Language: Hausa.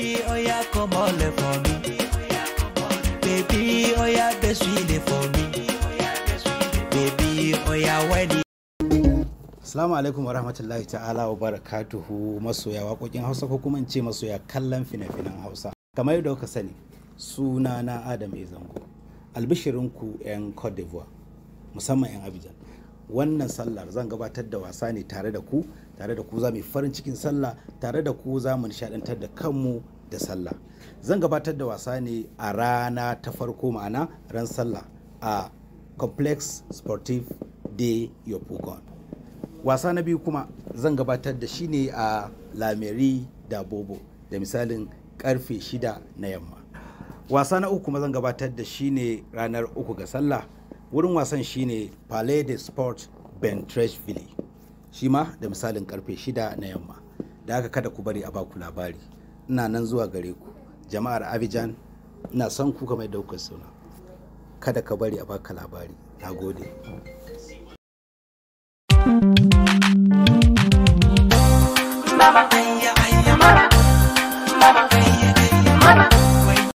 Baby, oh yeah, come for me. Baby, oh yeah, for me. Baby, oh alaikum wa rahmatullahi ta'ala wa barakatuhu masoya waƙoƙin Hausa ko kuma in ce masoya kallon fina-finan Hausa. Kamar yadda kuka sani, suna na Adam Ezango. Albishirinku 'yan Cote d'Ivoire, musamman 'yan Abidjan. wannan sallar zan gabatar da wasa ne tare da ku tare da ku za mu farin cikin sallah tare da ku za mu nishadantar da kanmu da sallah zan gabatar da wasa ne a rana ta farko ma'ana ran sallah a complex sportive de yopukon wasa na biyu kuma zan gabatar da shi ne a lameri da bobo da misalin karfe shida na yamma wasa na uku kuma zan gabatar da shi ne ranar uku ga sallah wurin wasan shine palais de sport bentrechville shi ma da misalin karfe 6 na yamma da aka kada ku bari a baku labari ina nan zuwa gare ku jama'ar abidjan ina son ku kamar da kuka suna kada ka bari a baka labari na gode Mama, ayya, ayya, mama. Mama, ayya, ayya, mama.